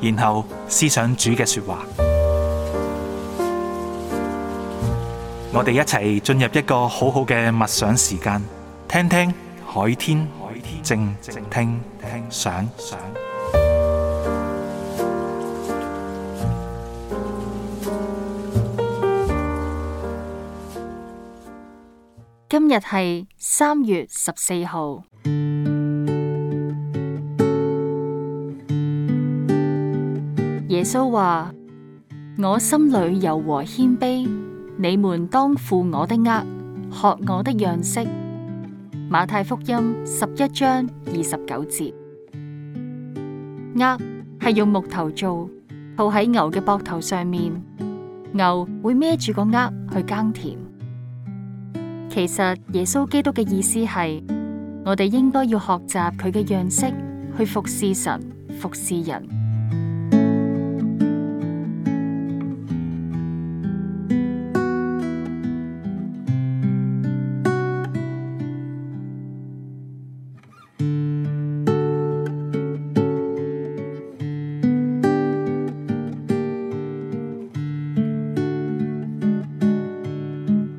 然後思想主嘅說話，嗯、我哋一齊進入一個好好嘅默想時間，聽聽海天靜聽，聽想。今日係三月十四號。耶穌話：我心裏柔和謙卑，你們當負我的軛，學我的樣式。馬太福音十一章二十九節。軛係用木頭做，套喺牛嘅膊頭上面，牛會孭住個軛去耕田。其實耶穌基督嘅意思係，我哋應該要學習佢嘅樣式，去服侍神，服侍人。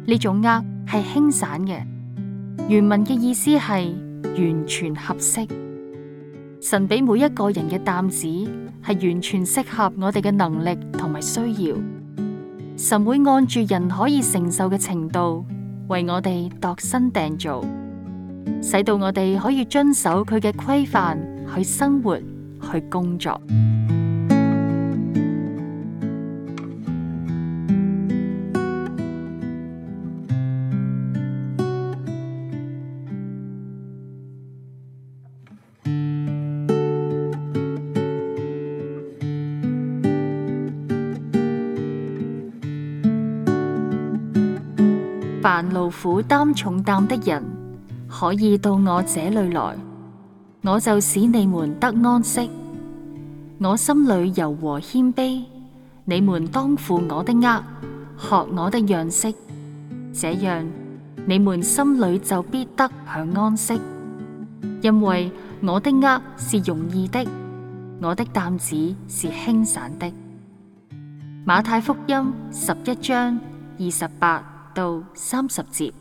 呢種軛係輕散嘅，原文嘅意思係完全合適。神俾每一個人嘅擔子係完全適合我哋嘅能力同埋需要，神會按住人可以承受嘅程度，為我哋度身訂造，使到我哋可以遵守佢嘅規範去生活去工作。凡勞苦擔重擔的人，可以到我這裏來，我就使你們得安息。我心裏柔和謙卑，你們當負我的軛，學我的樣式，這樣你們心裏就必得享安息。因為我的軛是容易的，我的擔子是輕省的。馬太福音十一章二十八。到三十節。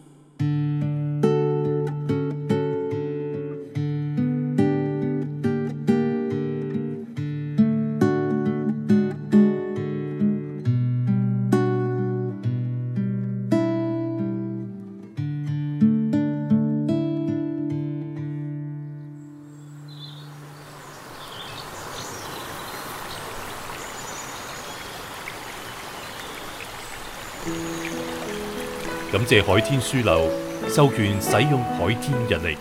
感謝海天書樓授權使用海天日曆，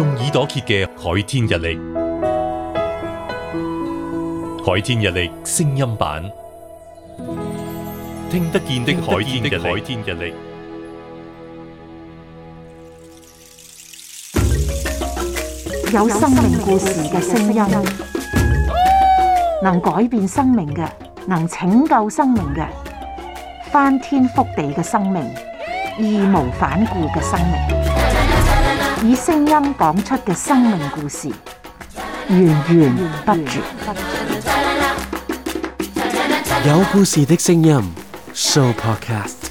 用耳朵揭嘅海天日曆，海天日曆聲音版，聽得見的海天嘅海天日曆，有生命故事嘅聲音。能改變生命嘅，能拯救生命嘅，翻天覆地嘅生命，義無反顧嘅生命，以聲音講出嘅生命故事，源源不絕。有故事的聲音，Show Podcast。